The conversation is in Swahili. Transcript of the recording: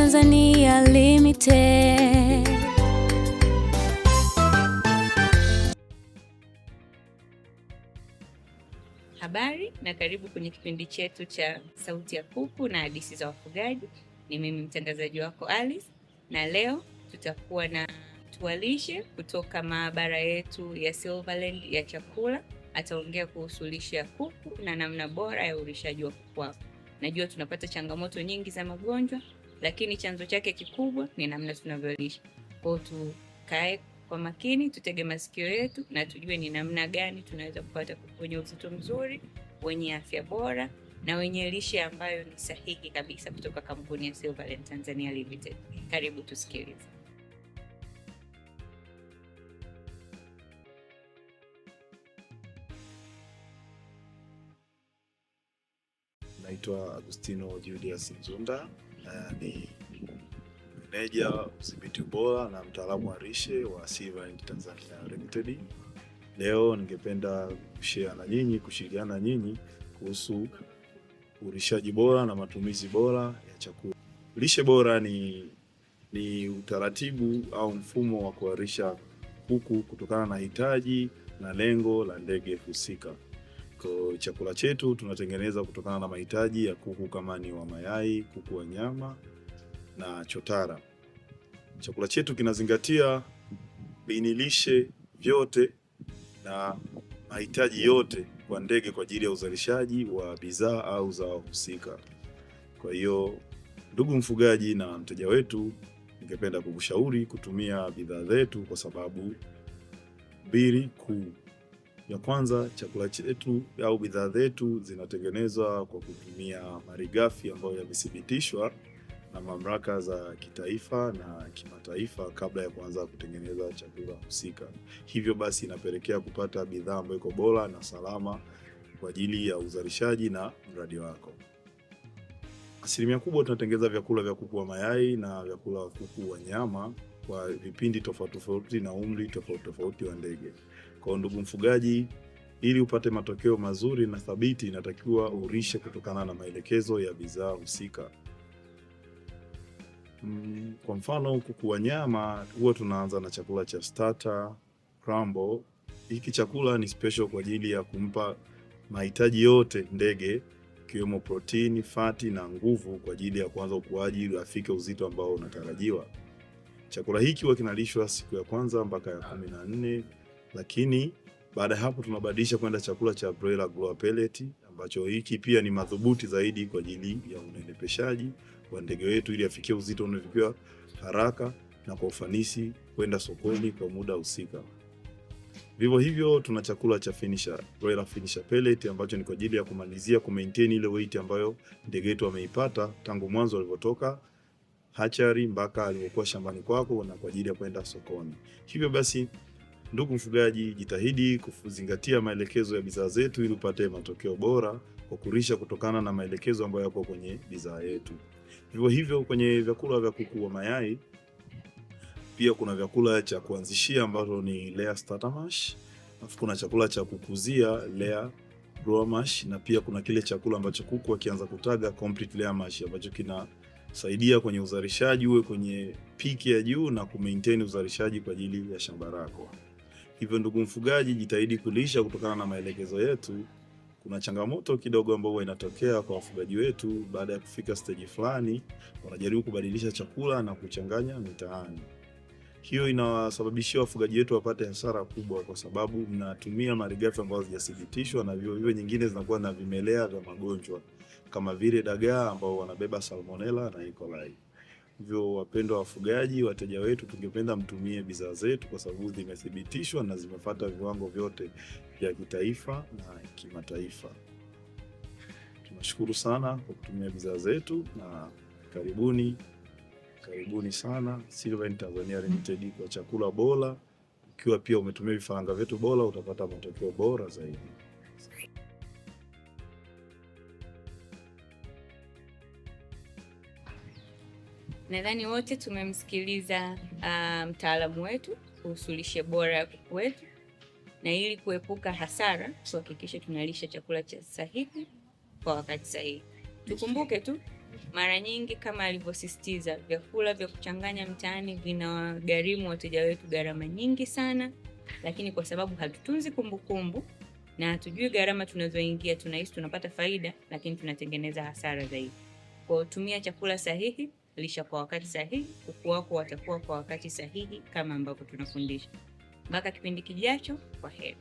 Tanzania Limited. Habari na karibu kwenye kipindi chetu cha Sauti ya Kuku na hadithi za wafugaji. Ni mimi mtangazaji wako Alice, na leo tutakuwa na tuwalishe kutoka maabara yetu ya Silverland ya chakula. Ataongea kuhusu lishe ya kuku na namna bora ya ulishaji wa kuku wako. Najua tunapata changamoto nyingi za magonjwa lakini chanzo chake kikubwa ni namna tunavyolisha. Kwao tukae kwa makini, tutege masikio yetu na tujue ni namna gani tunaweza kupata wenye uzito mzuri, wenye afya bora na wenye lishe ambayo ni sahihi kabisa kutoka kampuni ya Silverland Tanzania Limited. Karibu tusikilize. Naitwa Agustino Julius Nzunda uh, ni meneja udhibiti ubora na mtaalamu wa rishe wa Silver Tanzania Limited. Leo ningependa kushare na nyinyi, kushirikiana na nyinyi kuhusu ulishaji bora na matumizi bora ya chakula. Lishe bora ni, ni utaratibu au mfumo wa kuharisha kuku kutokana na hitaji na lengo la ndege husika. Kwa chakula chetu tunatengeneza kutokana na mahitaji ya kuku, kama ni wa mayai, kuku wa nyama na chotara. Chakula chetu kinazingatia viinilishe vyote na mahitaji yote kwa ndege kwa ajili ya uzalishaji wa bidhaa au zao husika. Kwa hiyo, ndugu mfugaji na mteja wetu, ningependa kukushauri kutumia bidhaa zetu kwa sababu mbili kuu. Ya kwanza, chakula chetu au bidhaa zetu zinatengenezwa kwa kutumia malighafi ambayo yamethibitishwa na mamlaka za kitaifa na kimataifa kabla ya kuanza kutengeneza chakula husika. Hivyo basi inapelekea kupata bidhaa ambayo iko bora na salama kwa ajili ya uzalishaji na mradi wako. Asilimia kubwa tunatengeneza vyakula vya kuku wa mayai na vyakula wa kuku wa nyama kwa vipindi tofauti tofauti na umri tofauti tofauti wa ndege. Kwa ndugu mfugaji, ili upate matokeo mazuri na thabiti, inatakiwa urishe kutokana na maelekezo ya bidhaa husika. Mm, kwa mfano kuku wa nyama huwa tunaanza na chakula cha starter crumble. Hiki chakula ni special kwa ajili ya kumpa mahitaji yote ndege, ikiwemo protini, fati na nguvu kwa ajili ya kuanza ukuaji ili afike uzito ambao unatarajiwa. Chakula hiki huwa kinalishwa siku ya kwanza mpaka ya kumi na nne lakini baada ya hapo tunabadilisha kwenda chakula cha broiler grower pellet ambacho hiki pia ni madhubuti zaidi kwa ajili ya unenepeshaji wa ndege wetu ili afikie uzito unaotakiwa haraka na kwa ufanisi kwenda sokoni kwa muda husika. Vivyo hivyo tuna chakula cha finisher, broiler finisher pellet ambacho ni kwa ajili ya kumalizia ku maintain ile weight ambayo ndege wetu ameipata tangu mwanzo alipotoka hachari mpaka alipokuwa shambani kwako na kwa ajili ya kwenda sokoni. Hivyo basi Ndugu mfugaji, jitahidi kuzingatia maelekezo ya bidhaa zetu ili upate matokeo bora kwa kulisha kutokana na maelekezo ambayo yako kwenye bidhaa yetu. Vivyo hivyo kwenye vyakula vya kuku wa mayai pia kuna vyakula cha kuanzishia ambacho ni layer starter mash, alafu kuna chakula cha kukuzia layer grower mash, na pia kuna kile chakula ambacho kuku akianza kutaga complete layer mash ambacho kinasaidia kwenye uzalishaji uwe kwenye piki ya juu na kumaintain uzalishaji kwa ajili ya shamba lako. Hivyo ndugu mfugaji, jitahidi kulisha kutokana na maelekezo yetu. Kuna changamoto kidogo ambayo huwa inatokea kwa wafugaji wetu, baada ya kufika steji fulani wanajaribu kubadilisha chakula na kuchanganya mitaani. Hiyo inawasababishia wafugaji wetu wapate hasara kubwa, kwa sababu mnatumia malighafi ambazo hazijathibitishwa na hivyo nyingine zinakuwa na vimelea vya magonjwa kama vile dagaa ambao wanabeba salmonella na E. coli. Hivyo wapendwa wafugaji, wateja wetu, tungependa mtumie bidhaa zetu kwa sababu zimethibitishwa na zimefata viwango vyote vya kitaifa na kimataifa. Tunashukuru sana kwa kutumia bidhaa zetu na karibuni, karibuni sana Silvan Tanzania Limited kwa chakula bora. Ukiwa pia umetumia vifaranga vyetu bora, utapata matokeo bora zaidi. Nadhani wote tumemsikiliza uh, mtaalamu wetu kuhusu lishe bora ya kuku wetu, na ili kuepuka hasara tuhakikishe tunalisha chakula cha sahihi kwa wakati sahihi. Tukumbuke tu mara nyingi kama alivyosisitiza, vyakula vya kuchanganya mtaani vinawagharimu wateja wetu gharama nyingi sana, lakini kwa sababu hatutunzi kumbukumbu na hatujui gharama tunazoingia, tunahisi tunapata faida, lakini tunatengeneza hasara zaidi. Kwa tumia chakula sahihi lisha kwa wakati sahihi, kuku wako watakuwa kwa wakati sahihi kama ambavyo tunafundisha. Mpaka kipindi kijacho, kwa heri.